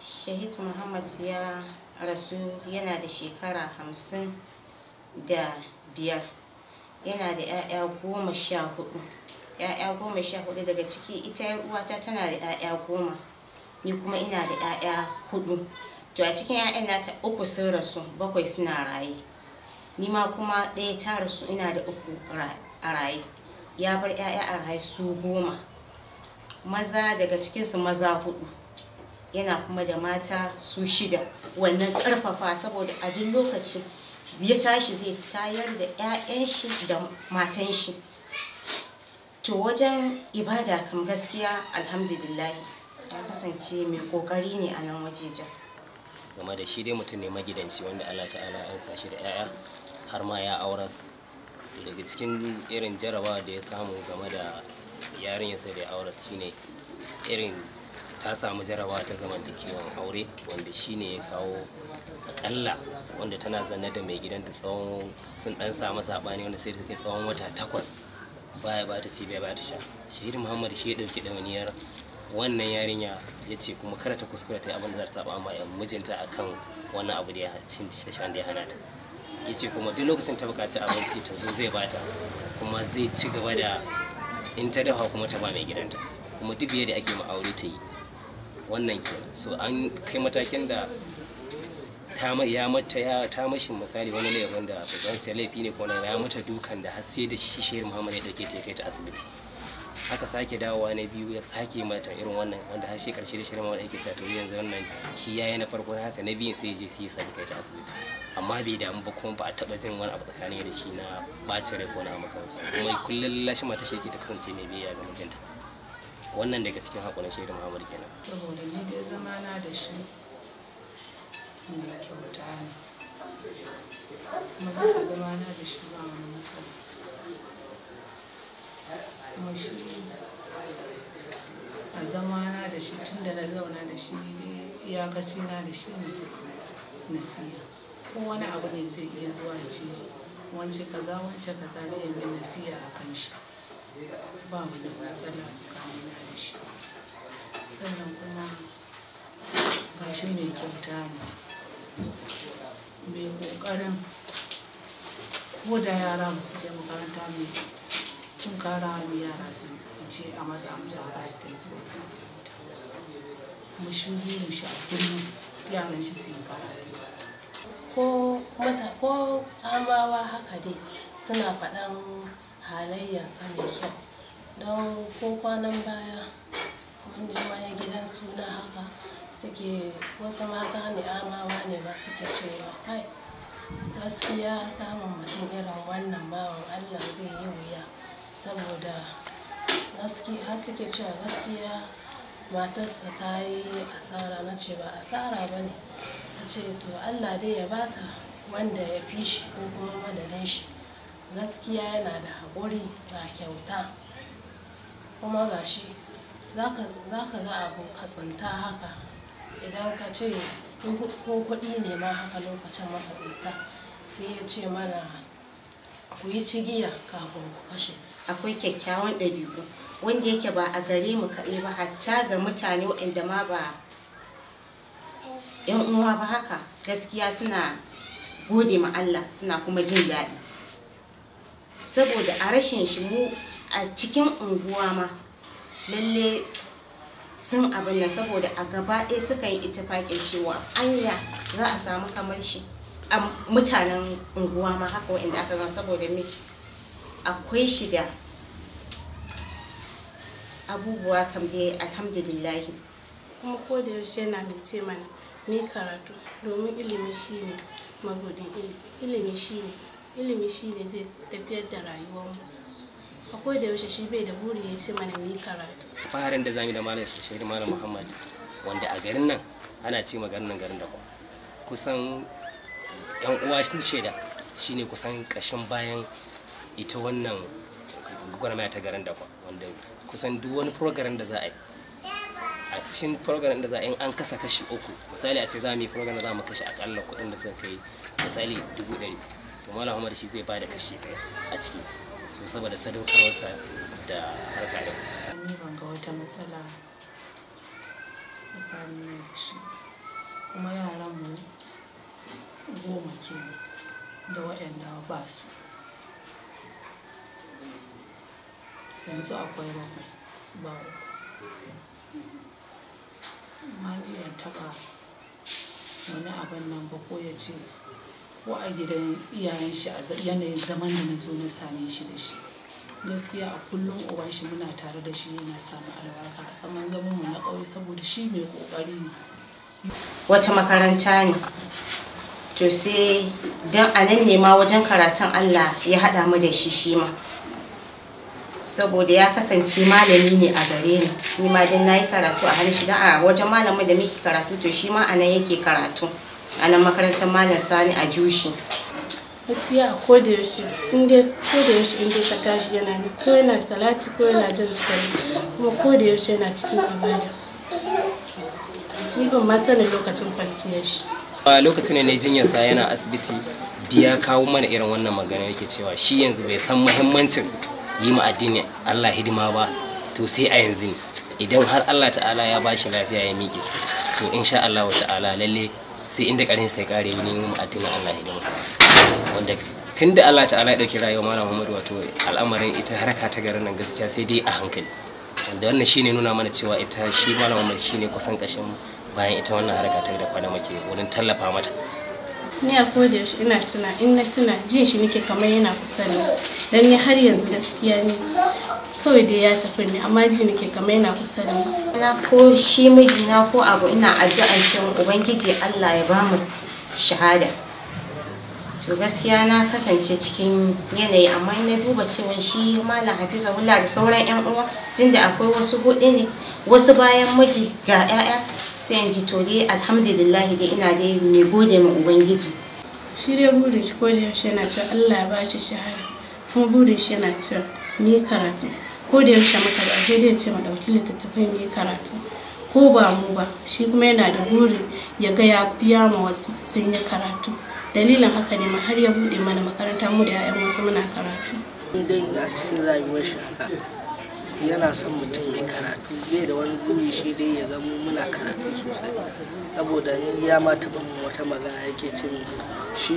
shahid muhammad ya rasu yana da shekara hamsin da biyar yana da 'ya'ya goma sha hudu 'ya'ya goma sha hudu daga ciki ita uwata tana da 'ya'ya goma ni kuma ina da 'ya'ya hudu to a cikin 'ya'yan nata uku sun rasu bakwai suna raye ni ma kuma ɗaya ta rasu ina da uku a raye ya bar 'ya'ya a raye su goma maza daga cikinsu maza hudu yana kuma da mata su shida wannan karfafa saboda a duk lokaci ya tashi zai tayar da 'ya'yan shi da matan shi to wajen ibada kam gaskiya alhamdulillahi ya kasance mai kokari ne a nan wajejen game da shi dai mutum ne magidanci wanda allah ta'ala an sa da 'ya'ya har ma ya auras daga cikin irin jarabawa da ya samu game da yarinyarsa da ya auras shine irin ta samu jarawa ta zamantakewan aure wanda shine ya kawo akalla wanda tana zanne da mai gidanta tsawon sun dan samu sabani wanda sai ta kai tsawon wata takwas baya ba ta ci baya ba ta sha shahid muhammad shi ya dauki dawaniyar wannan yarinya ya ce kuma kada ta kuskura ta yi abin da za ta saba amma mijinta akan wannan abu da ya cin da shan da ya hana ta ya ce kuma duk lokacin ta buƙaci abinci ta zo zai bata kuma zai ci gaba da in ta dafa kuma ta ba mai gidanta kuma duk da ake ma aure ta yi wannan ke so an kai matakin da ya mata ya ta mashin misali wani laifin da ba zan sai laifi ne ko na ya mata dukan da har sai da shi shehu muhammad ya take ta kai ta asibiti aka sake dawowa na biyu ya sake mata irin wannan wanda har shi karshe da shirin muhammad yake ta to yanzu wannan shi yayi na farko na haka na biyun sai je shi sake kai ta asibiti amma bai damu ba kuma ba a taba jin wani abu tsakanin da shi na bacin rai ko na makamancin kuma kullum lallashi mata shi ke ta kasance mai biyayya ga mijinta wannan daga cikin haƙunan da muhammadu kenan saboda ni da zama na da shi mai kyauta ne kuma da zama na da shi ba wani matsala kuma shi a zama na da shi tun da na zauna da shi ne dai iyakaci na da shi nasiya kuma wani abu ne zai iya zuwa ce wance kaza wance kaza ne ya min nasiya a kan shi ba mu da matsala tsakanina da shi sannan kuma ba shi mai kyauta ne mai ƙoƙarin ko da yara musu je makaranta ne tun kara mu yara su ce a matsa musu haka su ta zuwa mu shi burin shi a kullum yaran shi su yi karatu ko mata ko amawa haka dai suna faɗan halayyarsa mai kyau don ko kwanan baya mun ji wani gidan suna haka suke wasu mata ne amawa ne ba suke cewa kai gaskiya samun mutum irin wannan bawan allah zai yi wuya saboda gaskiya suke cewa gaskiya matarsa ta yi asara na ce ba asara ba ne ta ce to allah dai ya bata wanda ya fi shi ko kuma madadin shi gaskiya yana da haƙuri ga kyauta kuma ga shi za ka ga abu ka haka idan ka ce ko kuɗi ne ma haka lokacin maka sai ya ce mana ku yi cigiya kafin ku kashe akwai kyakkyawan ɗabi'u wanda yake ba a gare mu kaɗai ba hatta ga mutane waɗanda ma ba yan uwa ba haka gaskiya suna gode ma Allah suna kuma jin daɗi saboda a rashin shi mu a cikin unguwa ma lalle sun abin nan saboda a gaba ɗaya suka yi itifaƙin cewa anya za a samu kamar shi a mutanen unguwa ma haka wa'inda aka zama saboda me akwai shi da abubuwa kam dai alhamdulillahi kuma ko da yaushe yana mai ce mana ni karatu domin ilimi shine magudin ilimi ilimi shine ilimi shi ne zai tafiyar da rayuwarmu Akwai da yaushe shi bai da buri ya ce mana mai karatu farin da zamu da malam shaidu malam muhammad wanda a garin nan ana ce garin nan garin da kusan yan uwa sun shaida shine kusan kashin bayan ita wannan gwamnati ta garin da wanda kusan duk wani program da za a yi a cikin program da za a yi an kasa kashi uku misali a ce za mu yi program da za mu kashe akalla kuɗin da suka kai misali dubu ɗari to malam umar shi zai bada kashi ɗaya a ciki so saboda sadaukarwarsa da harka da ni ban ga wata matsala tsakanin da shi kuma yaran mu goma ke da waɗanda ba su yanzu akwai bakwai ba uku ma ni ban taɓa wani abin nan ba ko ya ce ko a gidan iyayen shi a yanayin zaman da na zo na same shi da shi gaskiya a kullum uban shi muna tare da shi yana samun albarka a saman zaman mu na ƙauye saboda shi mai ƙoƙari ne wata makaranta ne to sai don a nan ne ma wajen karatun Allah ya haɗa mu da shi shi ma saboda ya kasance malami ne a gare ni ni ma don na karatu a harshe, da don a wajen malamin da muke karatu to shi ma a nan yake karatu a nan makarantar malam sani a jushi gaskiya a koda yaushe inda koda yaushe inda ka tashi yana ni ko yana salati ko yana jin tsari kuma koda yaushe yana cikin ibada ni ban ma sanin lokacin kwanciyar shi a lokacin da na jinyar sa yana asibiti da ya kawo mana irin wannan magana yake cewa shi yanzu bai san muhimmancin yi mu addini Allah hidima ba to sai a yanzu ne idan har Allah ta'ala ya bashi lafiya ya miƙe so insha Allah ta'ala lalle sai inda karin sai kare ne mu addini Allah hidima wanda tun da Allah ta'ala ya dauki rayuwar Malam Muhammadu wato al'amarin ita haraka ta garin nan gaskiya sai dai a hankali wanda wannan shine nuna mana cewa ita shi Malam Muhammad shine kusan kashin bayan ita wannan haraka ta da kwana muke wurin tallafa mata ni a koda yaushe ina tuna in na tuna jin shi nake kamar yana kusa ne dan ni har yanzu gaskiya ne kawai dai ya tafi ne amma ji nake kamar yana kusa da na ko shi mijina ko abu ina addu'ar shin ubangiji Allah ya ba mu shahada to gaskiya na kasance cikin yanayi amma na duba cewa shi malam hafiza wula da sauran yan uwa tunda akwai wasu hudu ne wasu bayan miji ga ƴaƴa sai in ji to dai alhamdulillah dai ina dai mai gode ma ubangiji shi dai burin shi ko da yaushe yana cewa Allah ya ba shi shahada kuma burin shi yana cewa ni karatu ko da yaushe muka da sai dai ce mu dauki littattafai mu yi karatu ko ba mu ba shi kuma yana da burin ya ga ya biya ma wasu sun yi karatu dalilin haka ne ma har ya bude mana makaranta mu da 'ya'yan wasu muna karatu dai a cikin rayuwar shi haka yana son mutum mai karatu bai da wani buri shi dai ya ga mu muna karatu sosai saboda ni ya ma taɓa wata magana yake cin shi